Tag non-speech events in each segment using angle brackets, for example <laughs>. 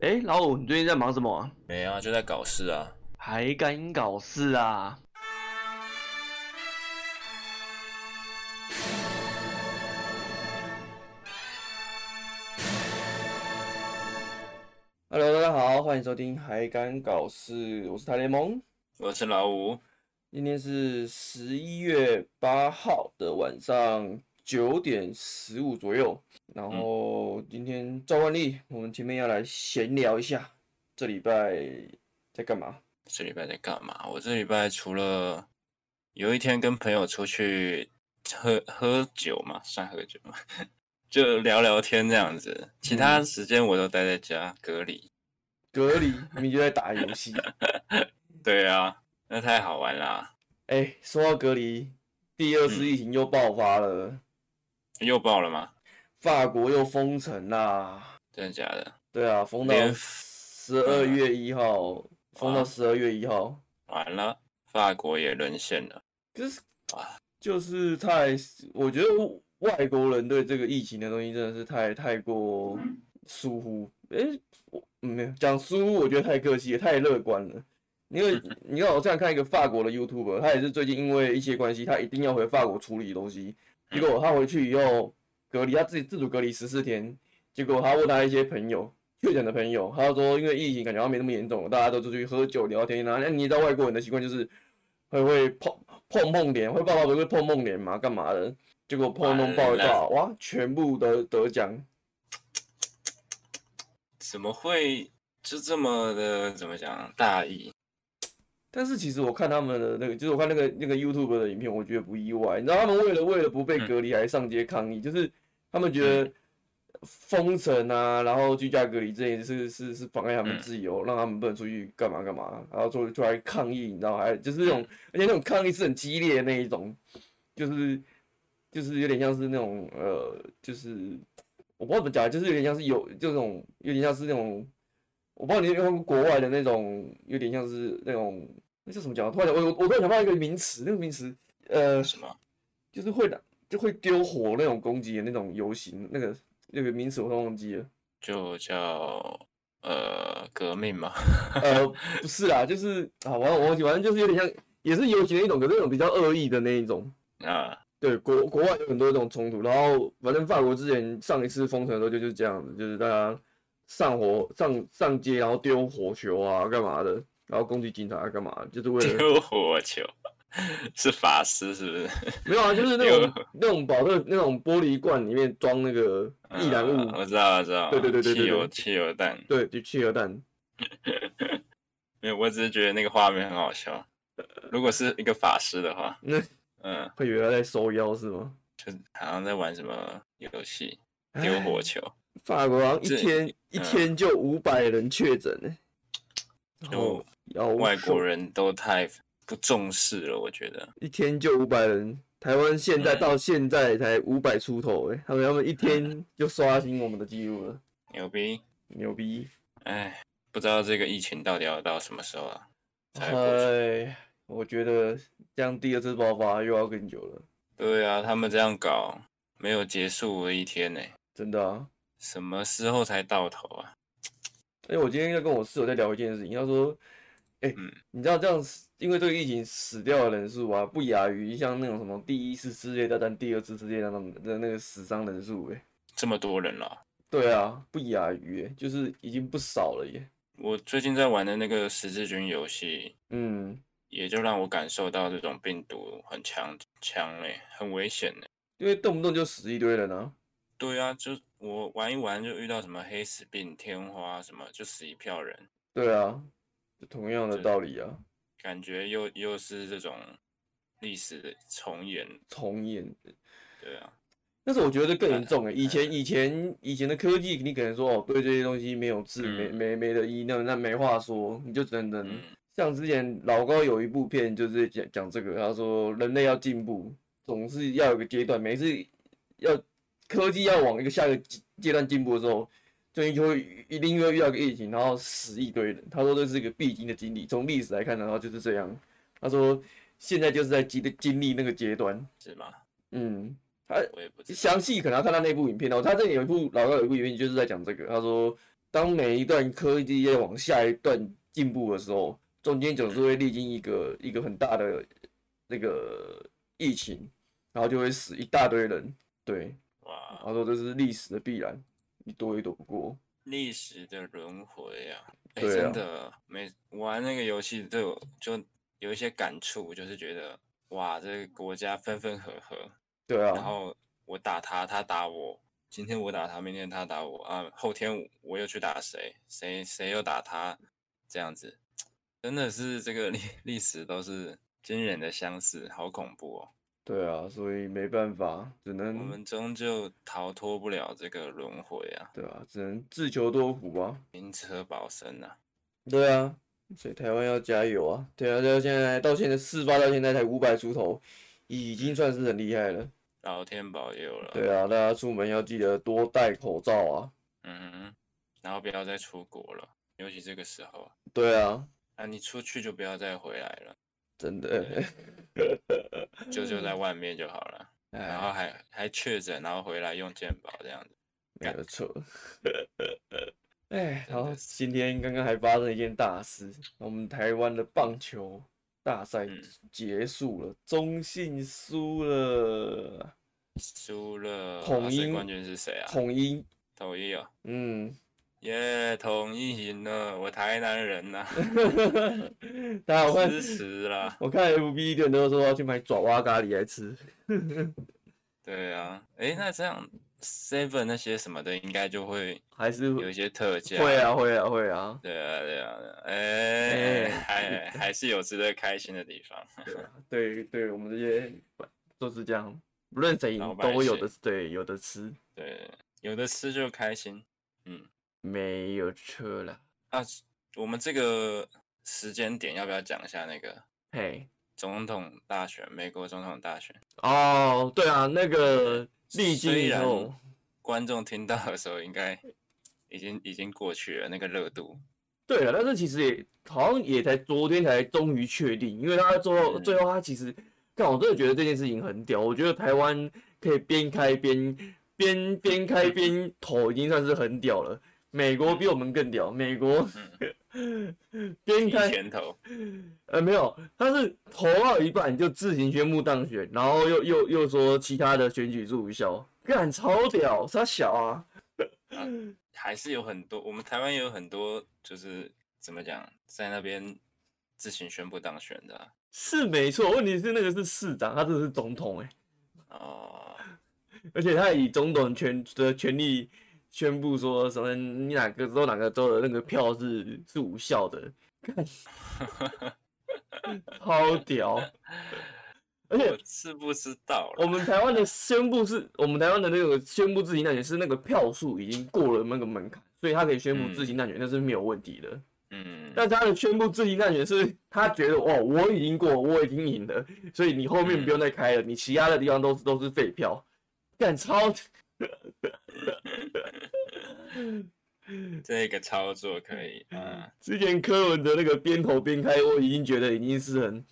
哎、欸，老五，你最近在忙什麼、啊？沒啊，就在搞事啊。還敢搞事啊？Hello，大家好，歡迎收聽《還敢搞事》，我是台聯盟，我是老五，今天是十一月八號的晚上。九點十五左右，然後今天照慣例，我們前面要來閒聊一下，這禮拜在幹嘛？這禮拜在幹嘛？我這禮拜除了有一天跟朋友出去喝喝酒嘛，算喝酒嘛， <laughs> 就聊聊天這樣子，其他時間我都待在家隔離、嗯。隔離？ <laughs> 你就在打遊戲？ <laughs> 對啊，那太好玩啦、啊！哎、欸，說到隔離，第二次疫情又爆發了。嗯又爆了嗎？法國又封城啦、啊！真的假的？對啊，封到十二月一號，封到十二月一號、啊、號，完了，法國也淪陷了。就是啊，就是太，我覺得外國人對這個疫情的東西真的是太太過疏忽。哎、欸，沒有講疏忽，我覺得太可惜了，太樂觀了。因為你看，我這樣看一個法國的 YouTuber，他也是最近因為一些關係，他一定要回法國處理東西。嗯、結果他回去以後隔離，他自己自主隔離十四天。結果他問他一些朋友確診的朋友，他說因為疫情感覺他沒那麼嚴重，大家都出去喝酒聊天、啊。然後你知道外國人的習慣就是會會碰碰碰臉，會抱抱會碰碰臉嘛，幹嘛的？結果碰碰抱抱哇，全部都得獎。怎麼會就這麼的？怎麼講大意？但是其實我看他們的那個，就是我看那個那個 YouTube 的影片，我覺得不意外。你知道他們為了為了不被隔離，還上街抗議，就是他們覺得封城啊，然後居家隔離這件事是是，是妨礙他們自由，讓他們不能出去幹嘛幹嘛，然後出出來抗議，你知道，還就是那種，而且那種抗議是很激烈的那一種，就是就是有點像是那種呃，就是我不知道怎麼講，就是有點像是有就這種有點像是那種，我不知道你用國外的那種，有點像是那種。那是什麼講？突然我我突然想到一個名詞，那個名詞，呃，什麼？就是會打，就會丟火那種攻擊的那種遊行，那個那個名詞我都忘記了。就叫呃革命嘛？ <laughs> 呃，不是啦，就是啊，我我反正就是有點像，也是遊行的一種，可是那種比較惡意的那一種啊。對，國國外有很多這種衝突，然後反正法國之前上一次封城的時候就是這樣子，就是大家上火上上街，然後丟火球啊，幹嘛的。然後攻擊警察要幹嘛？就是為了丟火球，是法師是不是？沒有啊，就是那種那種把那那種玻璃罐裡面裝那個易燃物、嗯。我知道了，我知道。對對對對對對對汽油汽油彈。對，就汽油彈。 <laughs> 沒有，我只是覺得那個畫面很好笑。如果是一個法師的話，那嗯，會、嗯、以為他在收妖是嗎？就好像在玩什麼遊戲，丟火球。法國好一天、嗯、一天就五百人確診呢，然後。要外國人都太不重視了，我覺得一天就五百人，台灣現在到現在才五百出頭欸、嗯、他們、他們一天就刷新我們的記錄了，牛逼牛逼！哎，不知道這個疫情到底要到什麼時候啊？哎，我覺得這樣第二次爆發又要更久了。對啊，他們這樣搞沒有結束的一天呢、欸？真的啊？什麼時候才到頭啊？哎，我今天要跟我室友在聊一件事情，他說。哎、欸、嗯，你知道這樣，因為這個疫情死掉的人數啊，不亞於像那種什麼第一次世界大戰、第二次世界大戰的那個死傷人數哎，這麼多人了、啊。對啊，不亞於，就是已經不少了耶。我最近在玩的那個十字軍遊戲，嗯，也就讓我感受到這種病毒很強強哎，很危險的，因為動不動就死一堆人呢、啊。對啊，就我玩一玩就遇到什麼黑死病、天花什麼，就死一票人。對啊。就同樣的道理啊，感覺又又是這種歷史的重演，重演，對啊。但是我覺得這更嚴重誒、欸， <laughs> 以前以前以前的科技，你可能說哦，對這些東西沒有治、嗯，沒沒沒得醫，那那沒話說，你就只能等。像之前老高有一部片，就是講講這個，他說人類要進步，總是要有個階段，每次要科技要往一個下一個階段進步的時候。所以就會一定會遇到一個疫情，然後死一堆人。他說這是一個必經的經歷。從歷史來看的話就是這樣。他說現在就是在經經歷那個階段，是嗎？嗯，他我也不詳細，可能要看到那部影片哦。他這裡有一部老高有一部影片就是在講這個。他說當每一段科技在往下一段進步的時候，中間總是會歷經一個一個很大的那個疫情，然後就會死一大堆人。對，哇，他說這是歷史的必然。你躲也躲不過歷史的輪迴呀！哎、欸，真的，啊、沒玩那個遊戲就就有一些感觸，就是覺得哇，這個國家分分合合，對啊。然後我打他，他打我，今天我打他，明天他打我啊，後天我，我又去打誰，誰誰又打他，這樣子，真的是這個歷歷史都是驚人的相似，好恐怖哦。對啊，所以沒辦法，只能我們終究逃脫不了這個輪迴啊。對啊，只能自求多福吧、啊，寧車保身啊。對啊，所以台灣要加油啊。對啊，這現在到現在，到現在事發到現在才五百出頭，已經算是很厲害了。老天保佑了。對啊，大家出門要記得多戴口罩啊。嗯哼，然後不要再出國了，尤其這個時候。對啊，那、啊、你出去就不要再回來了。真的，就就在外面就好了，然後還還確診，然後回來用健保這樣子，沒有錯。哎，然後今天剛剛還發生一件大事，我們台灣的棒球大賽結束了，嗯、中信輸了，輸了。統一、啊、冠軍是誰啊？統一，統一哦，嗯。耶、yeah,，同意行了，我台南人吶、啊，太好看了。支持啦！我看 FB 一堆人都說要去買爪哇咖喱來吃。 <laughs> 對啊，哎、欸，那這樣 Seven 那些什麼的，應該就會還是有一些特價。會啊，會啊，會啊。對啊，啊、對啊，哎、欸， <laughs> 還還是有值得開心的地方。 <laughs> 對啊，對，對，對，對我們這些都是這樣，無論誰贏都有的，對，有的吃。對，有的吃就開心。嗯。沒有車了。那、啊、我們這個時間點要不要講一下那個？嘿、hey, 總統大選，美國總統大選。哦、oh, 對啊，那個歷經以後，雖然觀眾聽到的時候，應該已經已經過去了那個熱度。對了、啊，但是其實也好像也才昨天才終於確定，因為他最後、嗯、最後他其實，但我真的覺得這件事情很屌。我覺得台灣可以邊開邊邊邊開邊投，已經算是很屌了。美國比我們更屌。美國，邊、嗯、開，呃、欸，沒有，他是投到一半就自行宣布當選，然後又又又說其他的選舉是無效，幹超屌，殺小啊，啊。還是有很多，我們台灣也有很多，就是怎麼講，在那邊自行宣布當選的、啊。是沒錯，問題是那個是市長，他這是總統哎、欸。啊、哦。而且他以總統權的權利。宣布說什麼？你哪個州？哪個州的那個票是是無效的？幹，超屌！而且是不知道了。我們台灣的宣布是，我們台灣的那個宣布自行當選是那個票數已經過了那個門檻，所以他可以宣布自行當選、嗯，那是沒有問題的。嗯。但他的宣布自行當選是，他覺得哦，我已經過，我已經贏了，所以你後面不用再開了，嗯、你其他的地方都是都是廢票。幹，超。 <laughs> 這個操作可以啊、嗯。之前柯文哲那個邊投邊開，我已經覺得已經是很。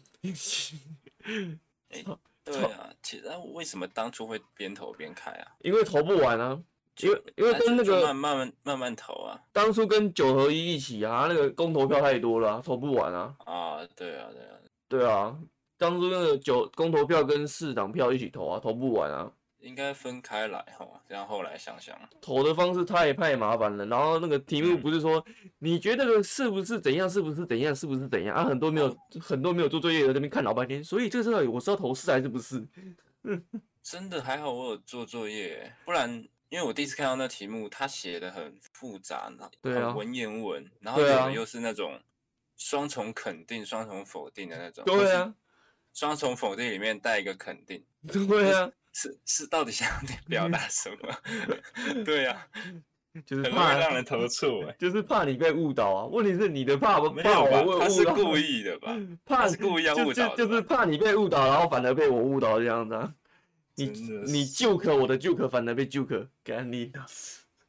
哎 <laughs> 、欸，對啊，其實、啊、為什麼當初會邊投邊開啊？因為投不完啊，因為、啊、因為跟那個就就慢慢慢慢投啊。當初跟九合一一起啊，那個公投票太多了、啊，投不完啊。啊，對啊，對啊，對啊。對啊，當初那個九公投票跟市長票一起投啊，投不完啊。應該分開來，然這樣後來想想，投的方式太太麻煩了。然後那個題目不是說，嗯、你覺得是不是怎樣，是不是怎樣，是不是怎樣啊？很多沒有、哦、很多沒有做作業的在那邊看老半天，所以這個我知道投是還是不是。 <laughs> 真的還好我有做作業，不然因為我第一次看到那題目，他寫的很複雜，對啊，很文言文，啊、然後、啊、又是那種雙重肯定、雙重否定的那種，對啊，雙重否定裡面帶一個肯定，對啊。就是對啊是是，是到底想要表達什麼？ <laughs> <laughs> 對呀、啊，就是怕讓人投訴、欸，就是怕你被誤導啊。問題是你的怕不怕我，他是故意的吧？怕是故意，就就就是怕你被誤導，然後反而被我誤導這樣子、啊。你你就可我的就可反而被就可，幹你老！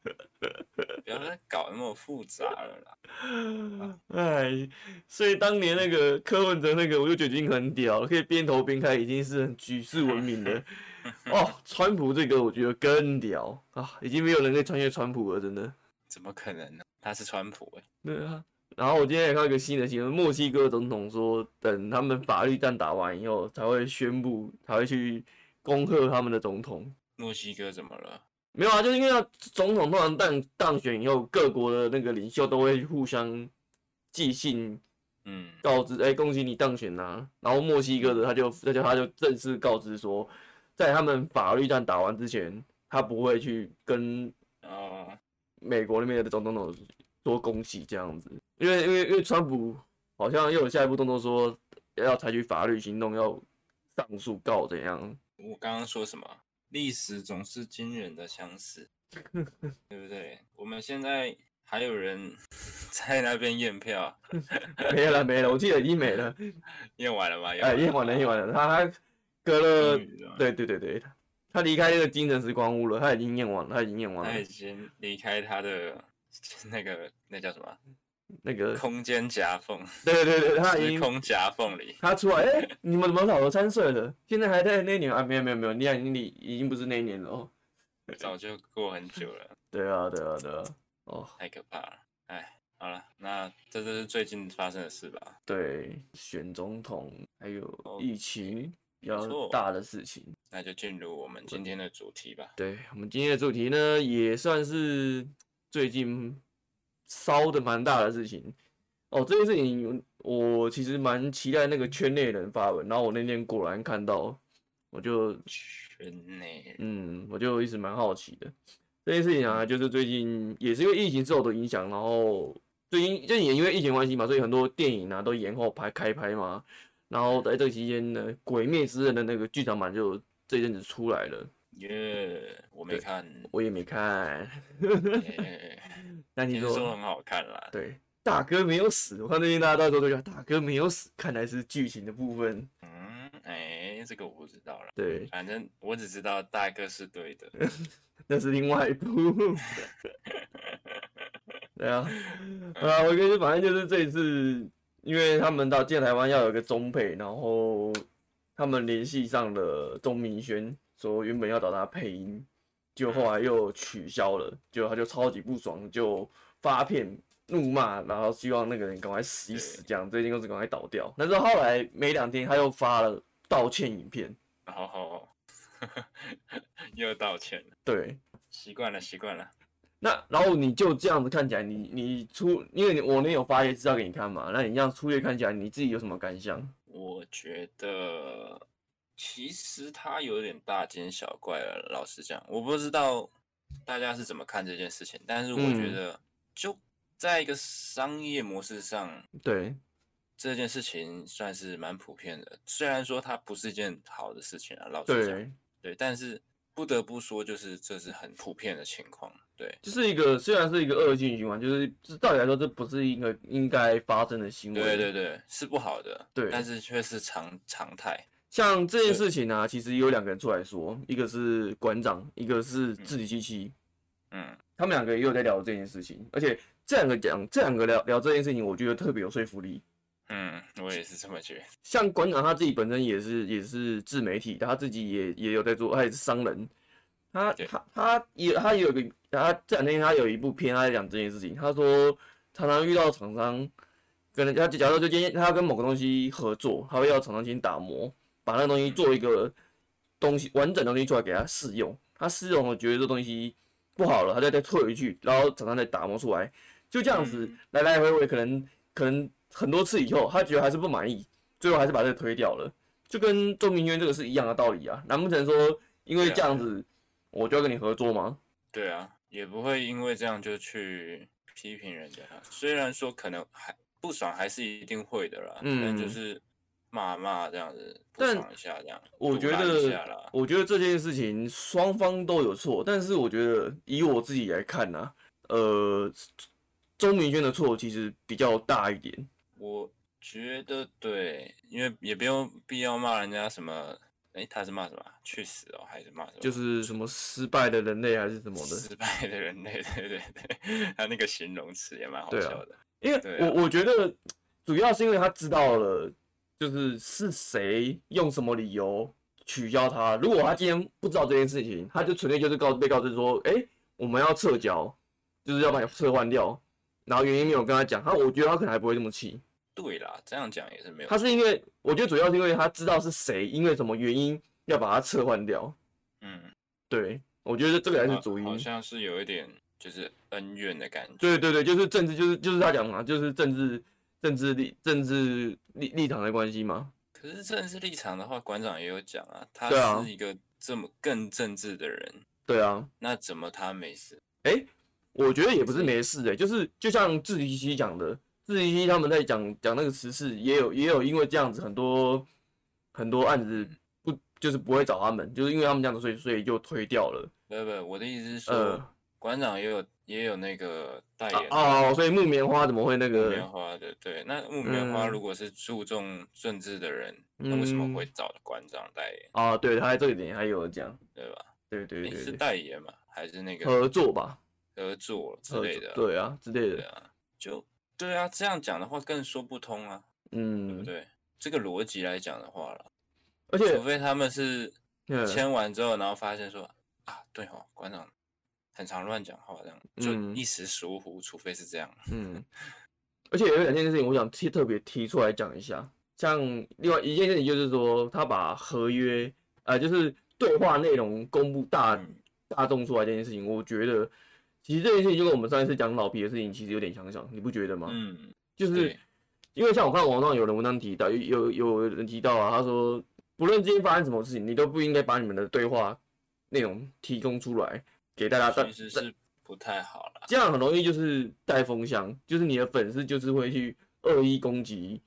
不要再搞那麼複雜了啦。哎， <laughs> 所以當年那個柯文哲那個，我就覺得已經很屌，可以邊投邊開，已經是舉世聞名的。 <laughs> <laughs> 哦，川普這個我覺得更屌啊，已經沒有人可以穿越川普了，真的？怎麼可能呢、啊？他是川普誒、欸。對啊，然後我今天也看到一個新的新聞，墨西哥總統說，等他們法律戰打完以後，才會宣布，才會去恭賀他們的總統。墨西哥怎麼了？沒有啊，就是因為他總統突然當當選以後，各國的那個領袖都會互相寄信，嗯，告知誒，恭喜你當選啊。然後墨西哥的他就他就他就正式告知說。在他們法律戰打完之前，他不會去跟啊美國那邊的總統多恭喜這樣子，因為因為因為川普好像又有下一步動作，說要採取法律行動，要上訴告怎樣？我剛剛說什麼？歷史總是驚人的相似， <laughs> 對不對？我們現在還有人在那邊驗票？ <laughs> 沒了，沒了，我記得已經沒了。驗完了嗎？哎，驗完了，驗、欸、完，完了，他還隔了，對對對對，他他離開那個精神時光屋了，他已經念完了，他已經念完了，他已經離開他的那個那叫什麼那個空間夾縫，對對對，對，他已經時空夾縫裡，他出來，哎、欸，你們怎麼老了三歲了？現在還在那年？啊沒有沒有沒有你已經，那年裡已經不是那年了，早就過很久了 <laughs> 對啊對啊對啊，哦，太可怕了，哎，好了，那這就是最近發生的事吧？對，選總統還有疫情。比較大的事情，那就進入我們今天的主題吧。對，我們今天的主題呢，也算是最近燒的蠻大的事情哦。這件事情我其實蠻期待那個圈內人發文，然後我那天果然看到，我就圈內，嗯，我就一直蠻好奇的這件事情啊，就是最近也是因為疫情受到影響，然後最近就也因為疫情關係嘛，所以很多電影啊都延後拍開拍嘛。然後在這期間呢，《鬼滅之刃》的那個劇場版就這陣子出來了。耶、yeah，我沒看，我也沒看。那、 <laughs> yeah, yeah, yeah. 你說，說很好看啦？對，大哥沒有死。我看那邊大家都在說、啊，叫大哥沒有死，看來是劇情的部分。嗯，哎、欸，這個我不知道了。對，反正我只知道大哥是對的， <laughs> 那是另外一部。 <laughs> <laughs> <laughs> 對啊，啊，我覺得反正就是這一次。因為他們到建台灣要有一個中配，然後他們聯繫上了鍾明軒，說原本要找他配音，就後來又取消了，就他就超級不爽，就發片怒罵，然後希望那個人趕快死一死這，這樣這間公司趕快倒掉。但是後來沒兩天，他又發了道歉影片，然後，好好好 <laughs> 又道歉了，對，習慣了，習慣了。那然後你就這樣子看起來你，你你出，因為我那有發一些資料給你看嘛，那你這樣粗略看起來，你自己有什麼感想？我覺得其實他有點大驚小怪了。老實講，我不知道大家是怎麼看這件事情，但是我覺得就在一個商業模式上，嗯、對這件事情算是蠻普遍的。雖然說它不是一件好的事情啊，老實講，對，對，但是不得不說，就是這是很普遍的情況。對，就是一個雖然是一個惡性循環，就是這到底來說，這不是一個應該發生的行為。對對對，是不好的。對，但是卻是常常態。像這件事情呢、啊，其實有兩個人出來說，一個是館長，一個是志祺七七。嗯，他們兩個也有在聊這件事情，而且這兩個講，這兩個聊聊這件事情，我覺得特別有說服力。嗯，我也是這麼覺得。像館長他自己本身也是也是自媒體，他自己也也有在做，他也是商人。他他他也他也有個他這兩天他有一部片，他在講這件事情，他說常常遇到廠商，可能他假如就今天他要跟某個東西合作，他會要廠商進行打磨，把那東西做一個東西完整東西出來給他試用，他試用了覺得這東西不好了，他再再退回去，然後廠商再打磨出來，就這樣子來來回回可能可能很多次以後，他覺得還是不滿意，最後還是把這個推掉了，就跟鍾明軒這個是一樣的道理啊，難不成說因為這樣子？我就要跟你合作嗎？對啊，也不會因為這樣就去批評人家。雖然說可能還不爽，還是一定會的啦。嗯，但就是罵罵這樣子，不爽一下這樣。我覺得，我覺得這件事情雙方都有錯，但是我覺得以我自己來看呢、啊，呃，鍾明軒的錯其實比較大一點。我覺得對，因為也不用必要罵人家什麼。誒、欸，他是罵什麼？去死哦！還是罵什麼？就是什麼失敗的人類，還是什麼的？失敗的人類，對對對，他那個形容詞也蠻好笑的。啊、因為我、啊、我覺得，主要是因為他知道了，就是是誰用什麼理由取消他。如果他今天不知道這件事情，他就純粹就是告被告知說，哎、欸，我們要撤交，就是要把你撤換掉，然後原因沒有跟他講，他我覺得他可能還不會這麼氣。對啦，這樣講也是沒有。他是因為我覺得主要是因為他知道是誰，因為什麼原因要把他撤換掉。嗯，對，我覺得這個還是主因。好像是有一點就是恩怨的感覺。對對對，就是政治，就是就是他講嘛，就是政治政治立政治立立場的關係嘛。可是政治立場的話，館長也有講啊，他是一個這麼更政治的人。對啊，對啊，那怎麼他沒事？哎、欸，我覺得也不是沒事哎、欸，就是就像自己講的。至於他們在講講那個時事，也有也有因為這樣子，很多很多案子不就是不會找他們，就是因為他們這樣子，所以所以就推掉了。沒有沒有，我的意思是說，館、呃、長也有也有那個代言、啊、哦，所以木棉花怎麼會那個？木棉花的對，那木棉花如果是注重政治的人、嗯，那為什麼會找館長代言？哦、嗯啊，對他這一點還有有講，對吧？對對對，對、欸，是代言嘛，還是那個合作吧？合作之類的，對啊之類的，啊、就。對啊，這樣講的話更說不通啊。嗯，對，不對，這個邏輯來講的話了，而且除非他們是簽完之後，然後發現說、嗯、啊，對哈、哦，館長很常亂講話，這樣、嗯、就一時疏忽，除非是這樣。嗯， <laughs> 而且有兩件事情我想特別提出來講一下，像另外一件事情就是說，他把合約啊、呃，就是對話內容公布大、嗯、大眾出來這件事情，我覺得。其實這件事情就跟我們上一次講老皮的事情其實有點相像，你不覺得嗎？嗯，就是因為像我看網上有人文章提到，有有有人提到啊，他說不論今天發生什麼事情，你都不應該把你們的對話內容提供出來給大家，其實是不太好了。這樣很容易就是帶風向，就是你的粉絲就是會去惡意攻擊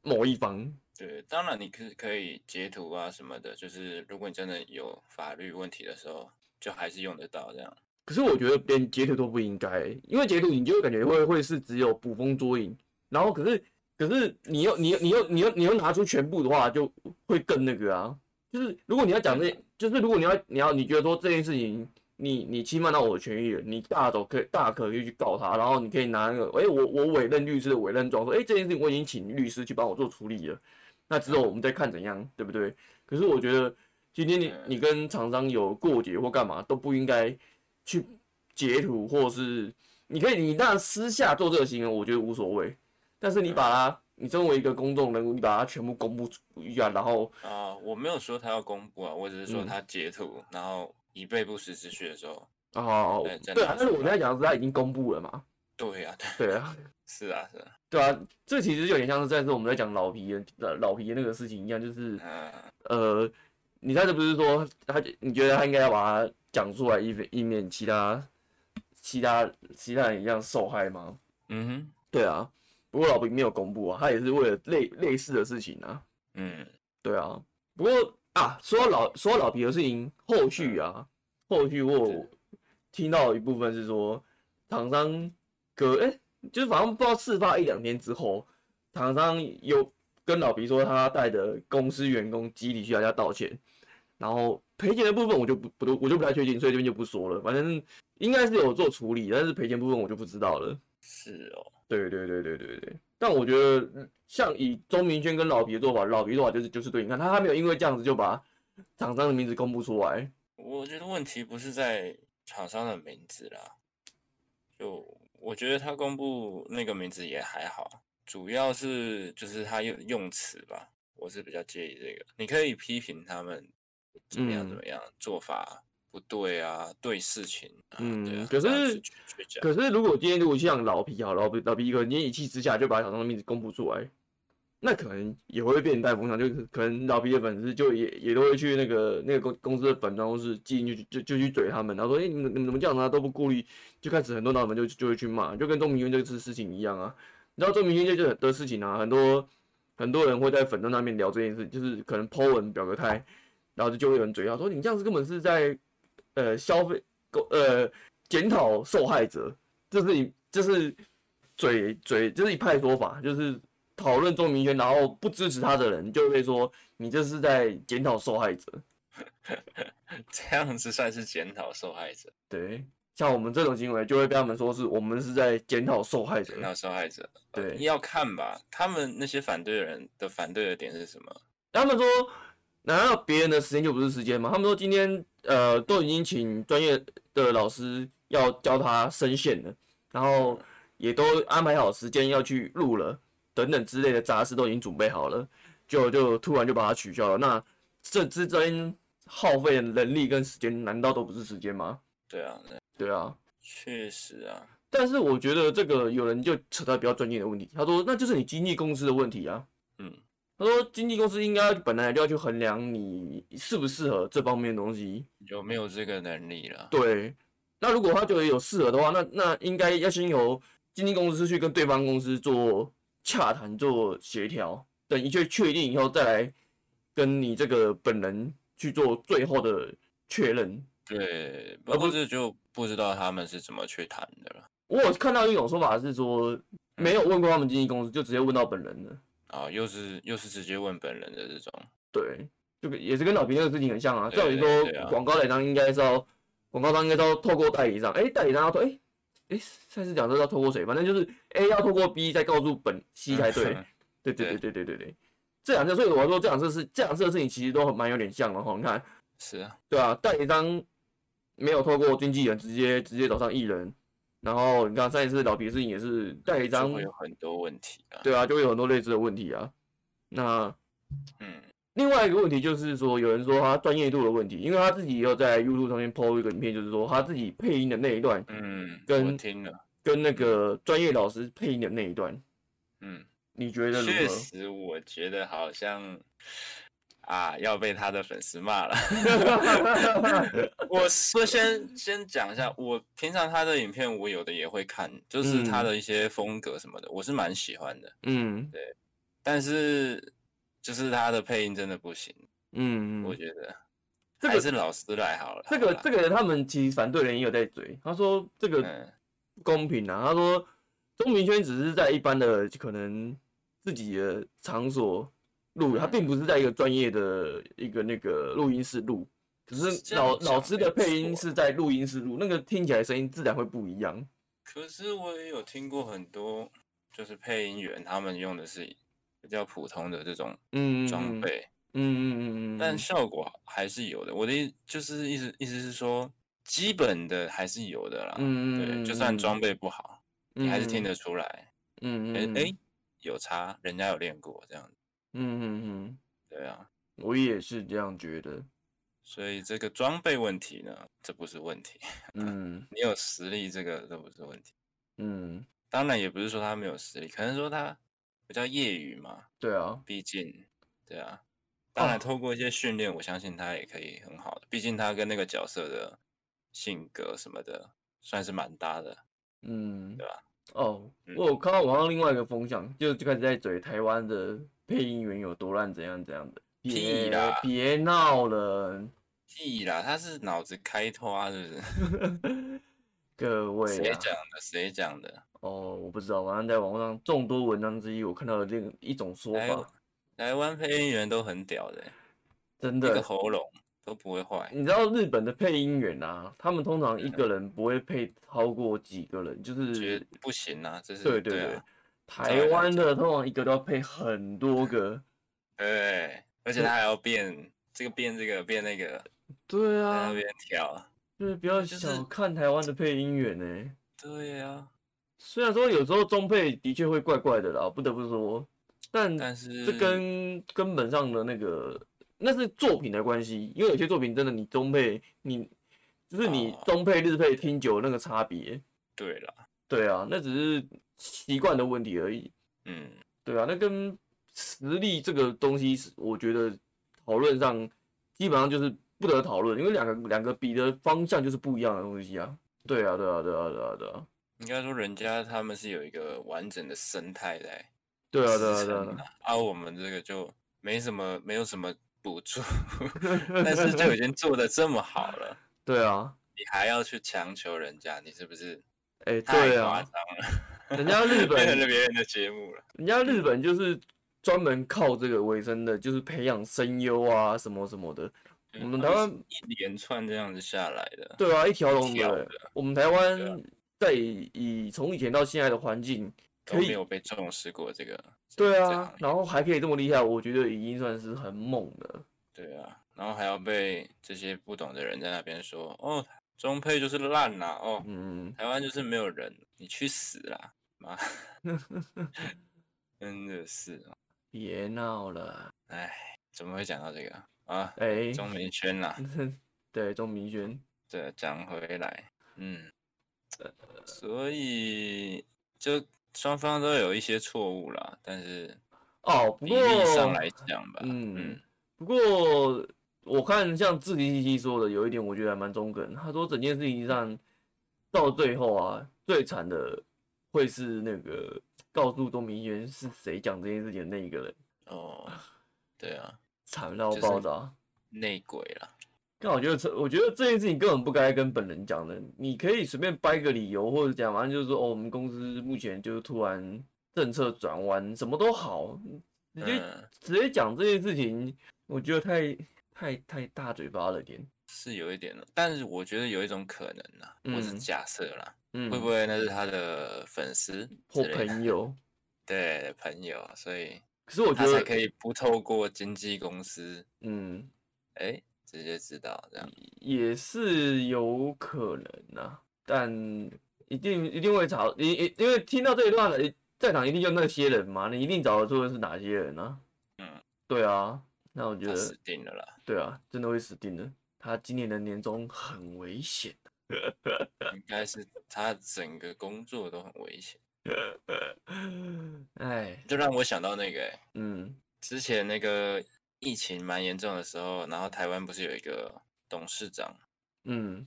某一方。對，當然你可以可以截圖啊什麼的，就是如果你真的有法律問題的時候，就還是用得到這樣。可是我覺得連截圖都不應該，因為截圖你就感覺會會是只有捕風捉影，然後可是可是你又你要你又你又你又拿出全部的話，就會更那個啊。就是如果你要講這，就是如果你要你要你覺得說這件事情你你侵犯到我的權益了，你大可可以大可以去告他，然後你可以拿那個哎、欸、我我委任律師的委任狀說哎、欸、這件事情我已經請律師去幫我做處理了，那之後我們再看怎樣，對不對？可是我覺得今天你你跟廠商有過節或幹嘛都不應該。去截圖，或是你可以，你當然私下做這個行為，我覺得無所謂。但是你把它，你作為一個公眾人物，你把它全部公布出去、啊、然後啊，我沒有說他要公布啊，我只是說他截圖、嗯，然後以備不時之需的時候哦、啊，對，啊，但是我在講的是他已經公布了嘛，對、啊對？對啊，對啊，是啊，是啊，對啊，這其實有點像是，但是我們在講老皮老老皮的那個事情一樣，就是、啊、呃，你在這不是說他，你覺得他應該要把它。講出來，以免以免其他其他其他人一樣受害嗎？嗯哼，對啊。不過老皮沒有公布啊，他也是為了類類似的事情啊。嗯，對啊。不過啊，說老說老皮的事情，後續啊，後續我有聽到一部分是說，廠商哥誒就是反正不知道事發一兩天之後，廠商有跟老皮說他帶着公司員工集體去他家道歉，然後。賠錢的部分我就不不多，我就不太確定，所以這邊就不說了。反正應該是有做處理，但是賠錢部分我就不知道了。是哦，對對對對對對。但我覺得像以鍾明軒跟老皮的做法，老皮做法就是就是對，你看，他還沒有因為這樣子就把廠商的名字公布出來。我覺得問題不是在廠商的名字啦，就我覺得他公布那個名字也還好，主要是就是他用用詞吧，我是比較介意這個。你可以批評他們。怎麼，怎麼樣？怎麼樣？做法不對啊！對事情、啊，嗯，對啊、是可是可是，如果今天如果像老皮好老皮，老皮一個一氣之下就把小張的名字公布出來，那可能也會變成帶風向，就可能老皮的粉絲就也也都會去那個那個公公司的粉專公司進去，就就，就去懟他們，然後說：哎、欸，你們你們怎麼這樣他、啊、都不顧慮，就開始很多老粉就就會去罵，就跟鍾明軒這次事情一樣啊。你知道鍾明軒這這的事情啊，很多很多人會在粉專那邊聊這件事，就是可能 po 文表個態。然後就就會有人嘴他說，你這樣子根本是在呃消費，呃檢討受害者，這是一這是嘴嘴，這是一派說法，就是討論鍾明軒，然後不支持他的人就會說，你這是在檢討受害者，這樣子算是檢討受害者？對，像我們這種行為就會被他們說是我們是在檢討受害者，檢討受害者，對，你要看吧，他們那些反對的人的反對的點是什麼？他們說。難道別人的時間就不是時間嗎？他們說，今天呃都已經請專業的老師要教他聲線了，然後也都安排好時間要去錄了，等等之類的雜事都已經準備好了，就就突然就把它取消了。那這之間耗費的人力跟時間難道都不是時間嗎？對啊，對啊，確實啊。但是我覺得這個有人就扯到比較專業的問題，他說，那就是你經紀公司的問題啊。他說：“經紀公司應該本來就要去衡量你適不適合這方面的東西，有沒有這個能力了。”對，那如果他覺得有適合的話，那那應該要先由經紀公司去跟對方公司做洽談、做協調，等一切確定以後，再來跟你這個本人去做最後的確認。對，而不是就不知道他們是怎麼去談的了。我有看到一種說法是說，沒有問過他們經紀公司，就直接問到本人了。啊、哦，又是又是直接問本人的這種，對，就也是跟老皮那個事情很像啊。照理說，廣告代理商應該是要，廣告商應該是要透過代理商，誒、欸，代理商要透，誒、欸。誒、欸，上次講說要透過誰，反正就是 A 要透過 B 再告訴本 C 才對，嗯，對對對對對對，對，對這兩件事，所以我說這兩次事，這兩次的事情其實都蠻有點像的哈。你看，是啊，對啊，代理商沒有透過經紀人直接直接找上藝人。然後你看上一次老皮是也是帶一張，會有很多問題啊。對啊，就會有很多類似的問題啊。那嗯，另外一個問題就是說，有人說他專業度的問題，因為他自己也有在 YouTube 上面 PO 一個影片，就是說他自己配音的那一段，嗯，跟聽了，跟那個專業老師配音的那一段，嗯，你覺得如何？確實，我覺得好像。啊，要被他的粉絲罵了。 <laughs> 我說先先講一下，我平常他的影片我有的也會看，就是他的一些風格什麼的，嗯、我是蠻喜歡的。嗯，對。但是就是他的配音真的不行。嗯，我覺得這個還是老師來好了。這個這個他們其實反對人也有在嘴，他說這個不公平啊，嗯。他說鐘明軒只是在一般的可能自己的場所錄，他並不是在一個專業的一個那個錄音室錄，可是老老師的配音是在錄音室錄，那個聽起來聲音自然會不一樣。可是我也有聽過很多，就是配音員他們用的是比較普通的這種嗯裝備，嗯嗯嗯嗯，但效果還是有的。我的意就是意思意思是說，基本的還是有的啦，嗯嗯，對，就算裝備不好，嗯，你還是聽得出來，嗯嗯，哎、欸欸，有差，人家有練過這樣子。嗯嗯嗯，對啊，我也是這樣覺得，所以這個裝備問題呢，這不是問題。嗯， <laughs> 你有實力，這個，這個都不是問題。嗯，當然也不是說他沒有實力，可能說他比較業餘嘛。對啊，畢竟，對啊，當然，透過一些訓練，我相信他也可以很好的。畢、啊、竟他跟那個角色的性格什麼的，算是蠻搭的。嗯，對吧、啊？哦，嗯、我看到網上另外一個風向，就就是、開始在嘴台灣的。配音員有多爛？怎樣？怎樣的？別別鬧了！屁啦！他是腦子開脫，是不是？ <laughs> 各位，誰講的？誰講的？哦，我不知道。反正在網絡上眾多文章之一，我看到了另一種說法：台灣配音員都很屌的、欸，真的，一個喉嚨都不會壞。你知道日本的配音員啊？他們通常一個人不會配超過幾個人，嗯、就是覺得不行啊！這是對對對。對啊台灣的通常一個都要配很多個，對，而且他還要變、嗯、這個變這個變那個，對啊，還要變調啊，就是比較小、就是、看台灣的配音員呢。對啊，雖然說有時候中配的確會怪怪的啦，不得不說，但但是這跟根本上的那個那是作品的關係，因為有些作品真的你中配你就是你中配日配聽久那個差別。對啦。對啊，那只是。習慣的問題而已，嗯，對啊，那跟實力這個東西我覺得討論上基本上就是不得討論，因為兩個兩個比的方向就是不一樣的東西啊，對啊，對啊，對啊，對啊，對啊，啊、應該說人家他們是有一個完整的生態在，對啊，對啊，對啊，啊，啊啊啊、而我們這個就沒什麼，沒有什麼補助， <laughs> 但是就已經做得這麼好了， <laughs> 對啊，啊、你還要去強求人家，你是不是？哎，太誇張了。欸人家日本別 <laughs> 人的節目了。人家日本就是專門靠這個維生的，就是培養聲優啊什麼什麼的。我們台灣一連串這樣子下來的。對啊，一條龍的。我們台灣在以以從以前到現在的環境，都沒有被重視過這個。對啊，然後還可以這麼厲害，我覺得已經算是很猛了。對啊，然後還要被這些不懂的人在那邊說，哦，中配就是爛啦、啊，哦，嗯、台灣就是沒有人，你去死啦。啊， <laughs> 真的是，別鬧了，哎，怎麼會講到這個啊？哎、啊，鍾、欸、明軒吶， <laughs> 對，鍾明軒，對，講回來，嗯，所以就雙方都有一些錯誤啦，但是哦，比例上來講吧嗯，嗯，不過我看像志祺七七說的有一點，我覺得還蠻中肯，他說整件事情上到最後啊，最慘的。會是那個告訴鍾明軒是誰講這件事情的那一個人哦，對啊，慘到爆炸，內鬼了。但我覺得這，我覺得這件事情根本不該跟本人講的，你可以隨便掰個理由，或者講完，就是說，我們公司目前就是突然政策轉彎，什麼都好，你就直接講這件事情，我覺得太太太大嘴巴了點。是有一點的，但是我覺得有一種可能啊，我、嗯、是假設啦、嗯，會不會那是他的粉絲或朋友？對，朋友，所以可是我覺得他可以不透過經紀公司，嗯，哎、欸，直接知道這樣也是有可能吶、啊，但一定一定會找，因因為聽到這一段了，你在場一定就那些人嘛，你一定找得出來是哪些人啊，嗯，對啊，那我覺得死定了啦，對啊，真的會死定了。他今年的年終很危險，應該是他整個工作都很危險。哎，就讓我想到那個，嗯，之前那個疫情蠻嚴重的時候，然後台灣不是有一個董事長，嗯，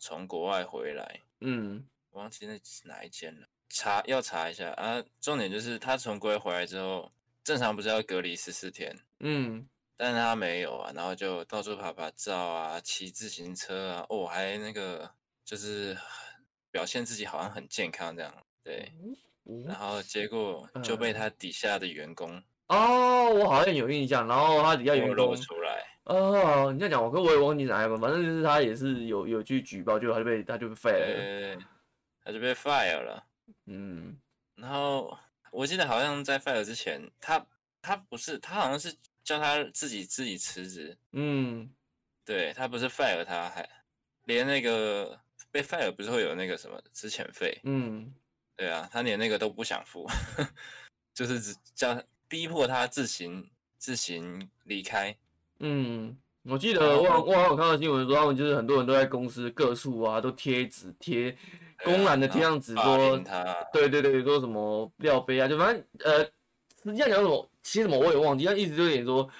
從國外回來，嗯，忘記那是哪一間了，查要查一下啊。重點就是他從國外回來之後，正常不是要隔離十四天，嗯。但他沒有啊，然後就到處拍拍照啊，騎自行車啊，哦，還那個就是表現自己好像很健康這樣，對、嗯。然後結果就被他底下的員工哦，我好像有印象。然後他底下有人露出來哦，你這樣講我，可我也忘記哪一嘛，反正就是他也是有有去舉報，就他就被他就被 fire 了，他就被 fire 了。嗯，然後我記得好像在 fire 之前，他他不是他好像是叫他自己自己辭職，嗯，對，他不是 fire，他還連那個被 fire 不是會有那個什麼資遣費？嗯，對啊，他連那個都不想付， <laughs> 就是只叫逼迫他自行自行離開，嗯，我記得我還有我好像看到新聞說他們就是很多人都在公司各處啊都貼紙貼公然的貼上紙說，對對對，說什麼廖菲啊，就反正呃。你際講什麼，其實什麼我也忘記，像一直就有點說，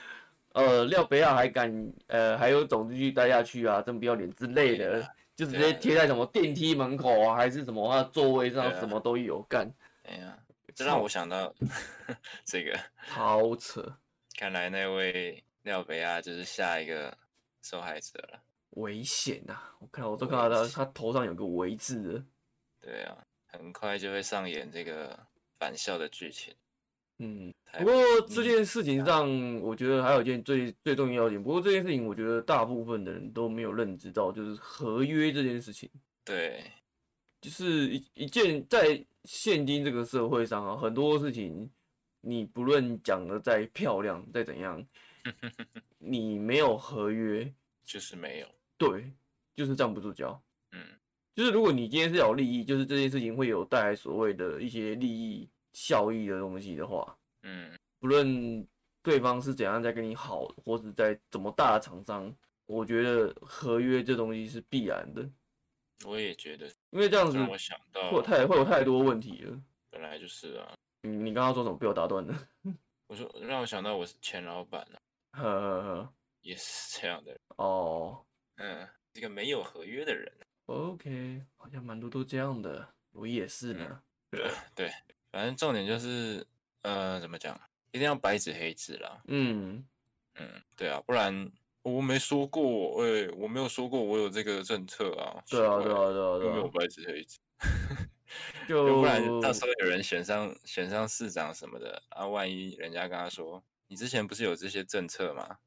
呃，廖培亞還敢，呃，還有種，繼續待下去啊，真不要臉之類的，啊、就直接貼在什麼電梯門口啊，啊還是什麼他座位上，什麼都有幹。哎呀、啊啊，這讓我想到 <laughs> <laughs> 這個，好扯。看來那位廖培亞就是下一個受害者了，危險吶、啊！我看我都看到他，他頭上有個“危”字了。對啊，很快就會上演這個返校的劇情。嗯，不過這件事情上，我覺得還有一件最最重要一點。不過這件事情，我覺得大部分的人都沒有認知到，就是合約這件事情。對，就是一一件在現今這個社會上啊，很多事情你不論講的再漂亮再怎樣， <laughs> 你沒有合約，就是沒有。對，就是站不住腳。嗯，就是如果你今天是有利益，就是這件事情會有帶來所謂的一些利益。效益的東西的話，嗯，不論對方是怎樣在跟你好，或者在怎麼大的廠商，我覺得合約這東西是必然的。我也覺得，因為這樣子會太，我想到會，有太會有太多問題了。本來就是啊，你你剛剛說什麼被我打斷了？ <laughs> 我說讓我想到我是前老闆、啊、呵呵呵，也是這樣的人，oh. 嗯，一個沒有合約的人。OK，好像蠻多都這樣的，我也是呢，嗯、對。對反正重點就是，呃，怎麼講，一定要白紙黑字啦。嗯嗯，對啊，不然我沒說過，我、欸、我沒有說過我有這個政策啊。對啊對啊對啊，因、啊啊、沒有白紙黑字。 <laughs> 就不然到時候有人選上選上市長什麼的啊，萬一人家跟他說，你之前不是有這些政策嗎？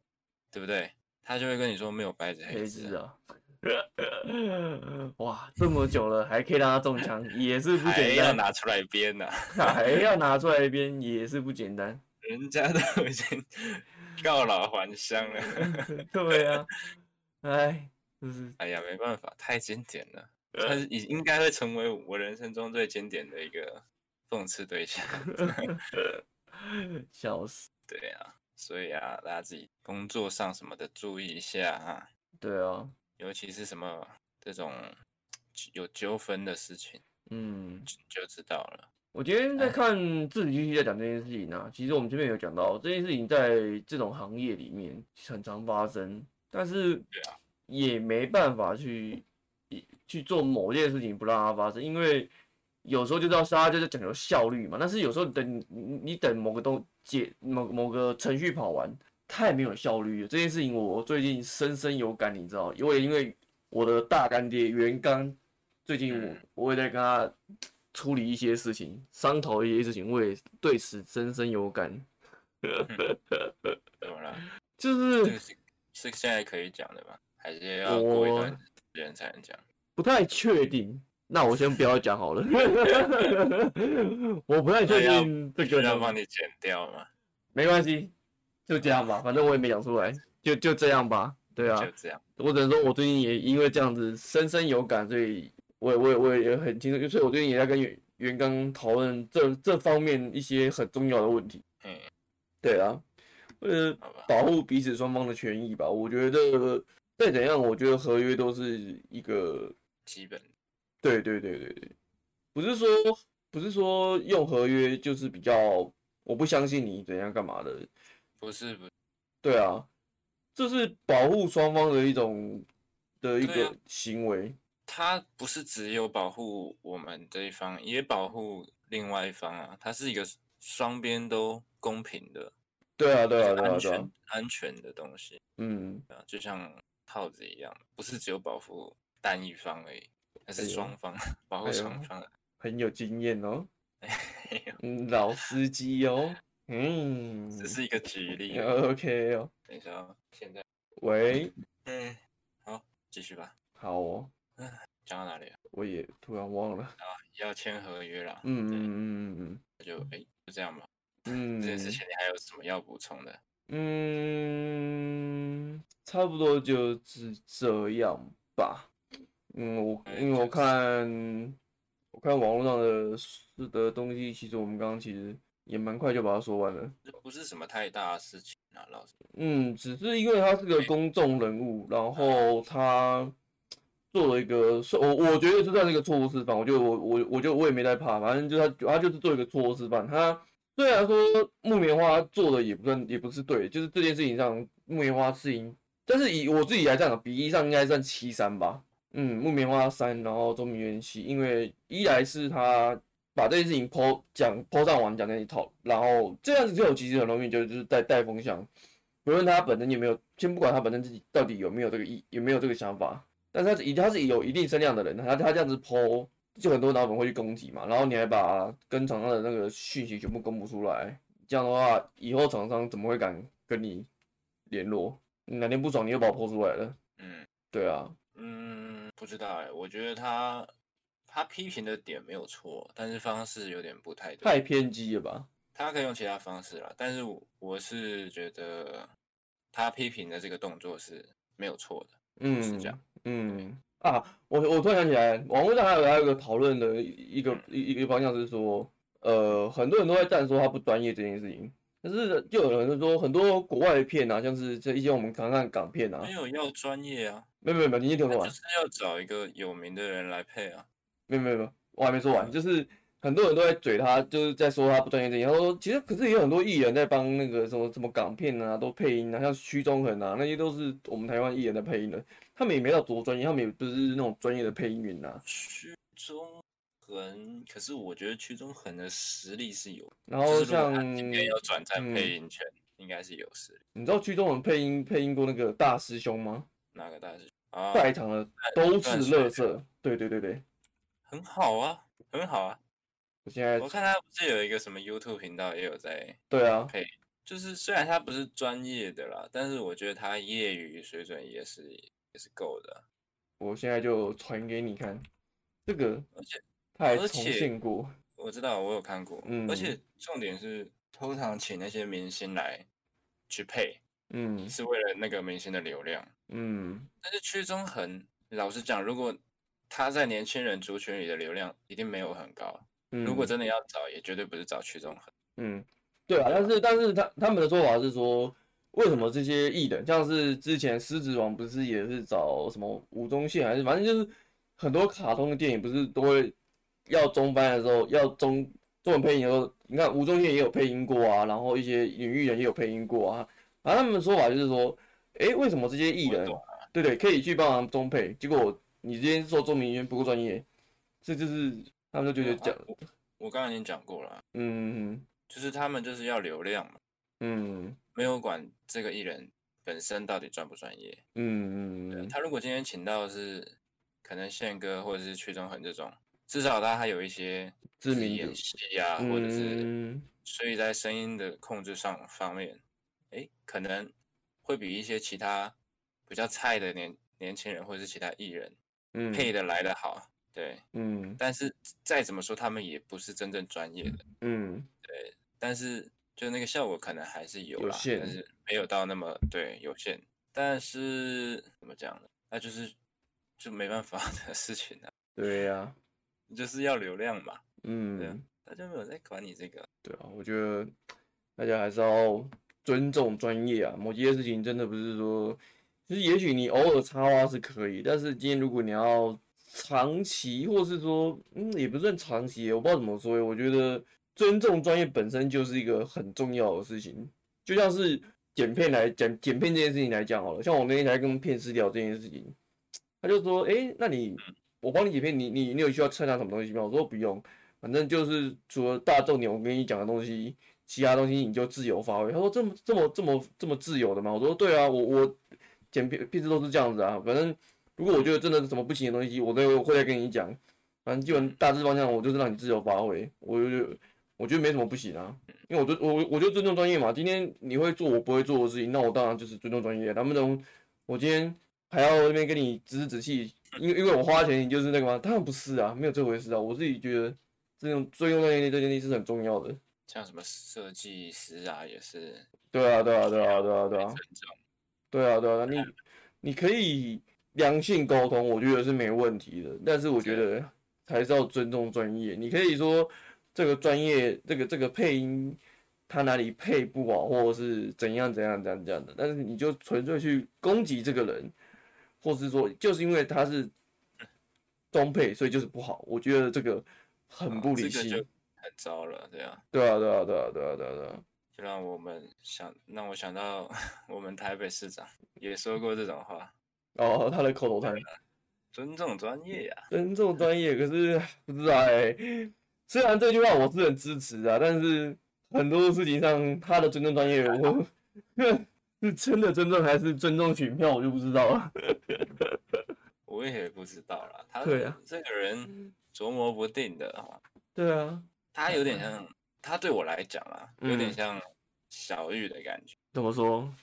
對不對？他就會跟你說沒有白紙黑字啊。 <laughs> 哇，這麼久了還可以讓他中槍，也是不簡單。還要拿出來鞭吶、啊，還要拿出來鞭，也是不簡單。人家都已經告老還鄉了， <laughs> 對啊，哎，哎呀，沒辦法，太經典了。他應該會成為我人生中最經典的一個諷刺對象，笑死。對啊，所以啊，大家自己工作上什麼的注意一下哈。對哦、啊尤其是什麼這種有糾紛的事情，嗯就，就知道了。我今天在看自媒體在講這件事情呢、啊嗯，其實我們前面有講到這件事情，在這種行業裡面很常發生，但是也沒辦法去、啊、去，去做某件事情不讓它發生，因為有時候就知道是它就是講究效率嘛。但是有時候你等你等某個東解某某個程序跑完。太沒有效率了！這件事情我最近深深有感，你知道，因為因為我的大乾爹袁剛，最近我、嗯、我也在跟他處理一些事情，商討一些事情，我也對此深深有感。嗯、怎麼了？就是、就是、是現在可以講的嗎？還是要過一段時間才能講？不太確定。那我先不要講好了。 <laughs> <laughs> 我不太確定。這個人要幫你剪掉嗎？沒關係。就這樣吧， <laughs> 反正我也沒講出來，就就這樣吧。對啊，就這樣。我只能說，我最近也因為這樣子深深有感，所以我我也我也，也很清楚，所以我最近也在跟袁袁剛討論這這方面一些很重要的問題。嗯，對啊，呃，保護彼此雙方的權益吧。吧，我覺得再怎樣，我覺得合約都是一個基本。對對對對對，不是說不是說用合約就是比較，我不相信你怎樣幹嘛的。不是不是，對啊，這是保護雙方的一種的一個行為。它、啊、不是只有保護我們這一方，也保護另外一方啊。它是一個雙邊都公平的，對啊對啊，對啊，對，啊對啊，安全安全的東西，嗯啊，就像套子一樣，不是只有保護單一方而已，它是雙方、哎、保護雙方、哎，很有經驗哦，哎嗯、老司機哦。嗯，只是一個舉例、啊。OK 哦、okay.，等一下，現在喂，嗯，好，繼續吧。好哦，講到哪裡了？我也突然忘了啊，要簽合約了。嗯嗯嗯嗯嗯，就哎、欸，就這樣吧。嗯，這件事情你還有什麼要補充的？嗯，差不多就是這樣吧。嗯，我嗯因為我看、就是、我看網絡上的是的東西，其實我們剛剛其實。也蠻快就把他說完了，這不是什麼太大的事情啊，老師。嗯，只是因為他是個公眾人物，欸、然後他做了一個，我我覺得就算是一個錯誤示範。我就我我我就我也沒在怕，反正就他他就是做一個錯誤示範。他雖然說木棉花做的也不算也不是對，就是這件事情上木棉花是因，但是以我自己來講，比例上應該算七三吧。嗯，木棉花三，然後鍾明軒七，因為一來是他。把這件事情 po 講 po 上網講那一套，然後這樣子就其實很容易就就是在、就是、帶帶風向，不論他本身有沒有，先不管他本身自己到底有沒有這個意有沒有這個想法，但是他已是他是有一定聲量的人，他他這樣子 po，就很多老板會去攻擊嘛，然後你還把跟廠商的那個訊息全部公布出來，這樣的話以後廠商怎麼會敢跟你聯絡？哪天不爽你又把我 po 出來了。嗯，對啊，嗯，不知道哎，我覺得他。他批評的點沒有錯，但是方式有點不太對太偏激了吧？他可以用其他方式啦，但是我,我是覺得他批評的這個動作是沒有錯的，嗯，是這樣，嗯啊，我我突然想起來，網絡上還有還有一個討論的一個一、嗯、一個方向是說，呃，很多人都在讚說他不專業這件事情，可是就有人說很多國外片吶、啊，像是這一些我們剛剛看港片吶、啊，沒有要專業啊，沒有沒有，你聽錯啦，就是要找一個有名的人來配啊。沒有沒有沒有，我還沒說完，嗯，就是很多人都在嘴他，就是在說他不專業這些，他說其實可是也有很多藝人，在幫那個什麼什麼港片啊，都配音啊，像屈中恆啊那些都是我們台灣藝人在配音的，他們也沒到多專業，他們也不是那種專業的配音員吶，啊。屈中恆，可是我覺得屈中恆的實力是有，然後像今天，就是，要轉戰配音圈，嗯，應該是有實力。你知道屈中恆配音配音過那個大師兄嗎？哪個大師兄？啊，在場的都是樂色，對對對對。很好啊，很好啊！我現在我看他不是有一個什麼 YouTube 頻道也有在對啊配，就是雖然他不是專業的啦，但是我覺得他業餘水準也是也是夠的。我現在就傳給你看這個，而且他還重新過，我知道我有看過。嗯，而且重點是通常請那些明星來去配，嗯，是為了那個明星的流量，嗯。但是屈中恆，老實講，如果他在年輕人族群裡的流量一定沒有很高。嗯、如果真的要找，也絕對不是找屈中恆。嗯，對啊，但是但是他他們的說法是說，為什麼這些藝人，像是之前獅子王不是也是找什麼吳宗憲，還是反正就是很多卡通的電影不是都會要中班的時候要中中文配音的時候，你看吳宗憲也有配音過啊，然後一些女藝人也有配音過啊，然後他們的說法就是說，哎，為什麼這些藝人、啊、對對可以去幫忙中配，結果。你今天說鍾明軒不夠專業，這就是他們就覺得講、嗯啊。我剛才已經講過了，嗯，就是他們就是要流量嘛，嗯，沒有管這個藝人本身到底專不專業，嗯嗯，他如果今天請到是可能憲哥或者是屈中恆這種，至少他還有一些知名演戲啊、嗯，或者是，所以在聲音的控制上方面，誒，可能會比一些其他比較菜的年年輕人或者是其他藝人配的來的好，對，嗯，但是再怎麼說他們也不是真正專業的，嗯，對，但是就那個效果可能還是有啦，有限，但是沒有到那麼對有限，但是怎麼講呢？那就是就沒辦法的事情了、啊，對呀、啊，就是要流量嘛，嗯，大家就沒有在管你這個，對啊，我覺得大家還是要尊重專業啊，某些事情真的不是說。其實也許你偶爾插話是可以，但是今天如果你要長期，或是說，嗯，也不算長期，我不知道怎麼說。我覺得尊重專業本身就是一個很重要的事情。就像是剪片來講，剪片這件事情來講好了，像我那天來跟片師聊這件事情，他就說，誒，那你我幫你剪片，你你你有需要測量什麼東西嗎？我說不用，反正就是除了大重點我跟你講的東西，其他東西你就自由發揮。他說這麼這麼這麼這麼自由的嗎？我說對啊，我我。剪片子都是這樣子啊，反正如果我覺得真的什麼不行的東西，我都會再跟你講。反正基本大致方向，我就是讓你自由發揮。我覺得我覺得沒什麼不行啊，因為我就我我就尊重專業嘛。今天你會做我不會做的事情，那我當然就是尊重專業。他們能？我今天還要那邊跟你仔仔細細，因為因為我花錢，你就是那個嗎？當然不是啊，沒有這回事啊。我自己覺得這種尊重專業這件事是很重要的，像什麼設計師啊，也是。對啊，對啊，對啊，對啊，對啊。對啊，對啊，你你可以良性溝通，我覺得是沒問題的。但是我覺得還是要尊重專業。你可以說這個專業，這個這個配音他哪裡配不好，或者是怎樣怎樣怎樣這樣這樣的。但是你就純粹去攻擊這個人，或是說就是因為他是中配，所以就是不好。我覺得這個很不理性，哦這個就很糟了，對啊？對啊，對啊，對啊，對啊，對啊。就讓我們想讓我想到，我們台北市長也說過這種話哦，他的口頭禪，尊重專業啊，尊重專業。可是不知道哎、欸， <laughs> 雖然這句話我是很支持的，但是很多事情上他的尊重專業，我， <laughs> 是真的尊重還是尊重選票，我就不知道了。 <laughs> 我也不知道啦。他對啊，這個人琢磨不定的對啊，他有點像。 <laughs> 他對我來講啊，有點像小玉的感覺、嗯。怎麼說？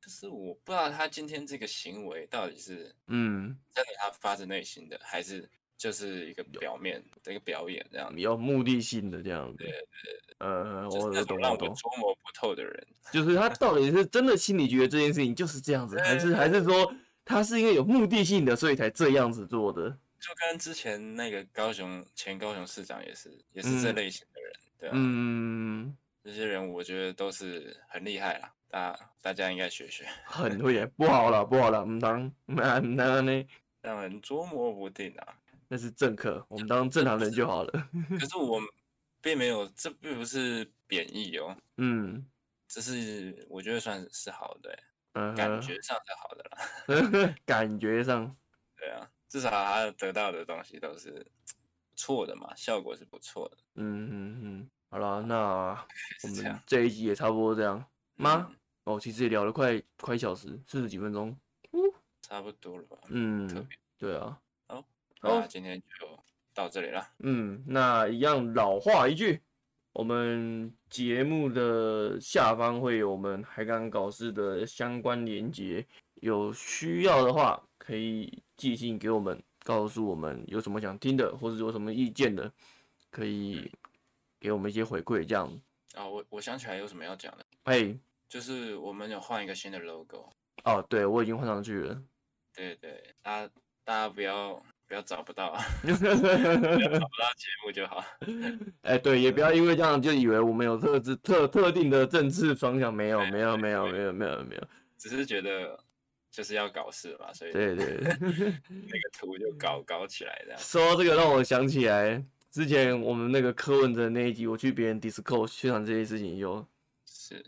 就是我不知道他今天這個行為到底是嗯真的他發自內心的、嗯，還是就是一個表面的一個表演這樣？有目的性的這樣子。對對對。呃，我懂，就是、那種讓我懂。捉摸不透的人，就是他到底是真的心裡覺得這件事情就是這樣子， <laughs> 還是還是說他是因為有目的性的，所以才這樣子做的？就跟之前那個高雄，前高雄市長也是，也是這類型的人。嗯。對啊、嗯，這些人我覺得都是很厲害啦，大家大家應該學學。很多也 <laughs> 不好了，不好了，我們當……當，那那那，讓人捉摸不定啊。那是政客，我們當正常人就好了。是 <laughs> 可是我並沒有，這並不是貶義哦。嗯，這是我覺得算是好的，嗯，感覺上是好的啦。 <laughs> 感覺上，對啊，至少他得到的東西都是。錯的嘛，效果是不錯的。嗯嗯嗯，好了、啊，那我們這一集也差不多這樣,這樣嗎、嗯？哦，其實也聊了快快小時，四十幾分鐘，嗯，差不多了吧？嗯，對啊。好，好，今天就到這裡了。嗯，那一樣老話一句，我們節目的下方會有我們還敢搞事的相關鏈接，有需要的話可以寄信給我們。告訴我們有什麼想聽的，或者有什麼意見的，可以給我們一些回饋，這樣啊、哦。我我想起來有什麼要講的，哎，就是我們有換一個新的 logo 哦，對我已經換上去了，對對，大家大家不要不要找不到， <laughs> 不找不到節目就好。 <laughs> 哎，對，也不要因為這樣就以為我們有特制特特定的政治方向，沒有、哎、沒有、哎、沒有、哎、沒有沒有、哎、沒有，只是覺得。就是要搞事嘛，所以對對對，那個圖就搞 <laughs> 搞，搞起來的。說到這個讓我想起來之前我們那個柯文哲那一集，我去別人 Discord 宣傳這些事情就，有是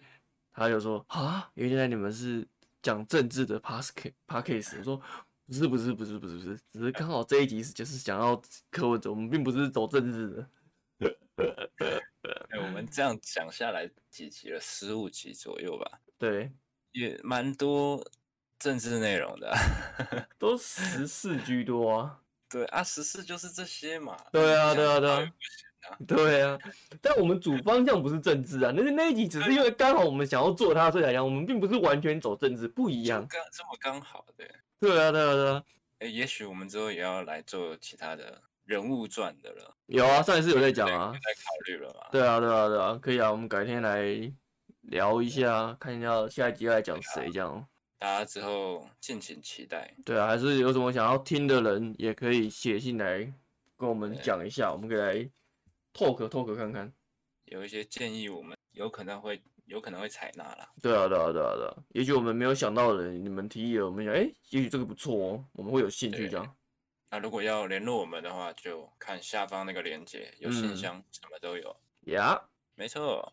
他就說啊，因為現在你們是講政治的 podcast，我說不是不是不是不是不是，只是剛好這一集是就是講到柯文哲，我們並不是走政治的 <laughs> 、欸。我們這樣講下來幾集了，十五集左右吧？對，也蠻多。政治內容的、啊、 <laughs> 都時事居多、啊，對啊，時事就是這些嘛對、啊這啊，對啊，對啊，對啊，對啊， <laughs> 但我們主方向不是政治啊，那 <laughs> 那一集只是因為剛好我們想要做它，所以才講，我們並不是完全走政治，不一樣，剛這麼剛好，對，對啊，對啊，對啊，哎、欸，也許我們之後也要來做其他的人物傳的了，有啊，上一次有在講啊，可以在考慮了對啊，對啊，對啊，可以啊，我們改天來聊一下，啊、看一下下一集要來講誰這樣。大家之後敬請期待。對啊，還是有什麼想要聽的人，也可以寫信來跟我們講一下，我們可以來 talk talk 看看。有一些建議，我們有可能會有可能會採納啦。對啊，對啊，對啊，對啊，也許我們沒有想到的人，你們提議了我們想，哎，也許這個不錯哦，我們會有興趣講。那如果要聯絡我們的話，就看下方那個鏈接，有信箱，嗯、什麼都有。呀、yeah，沒錯。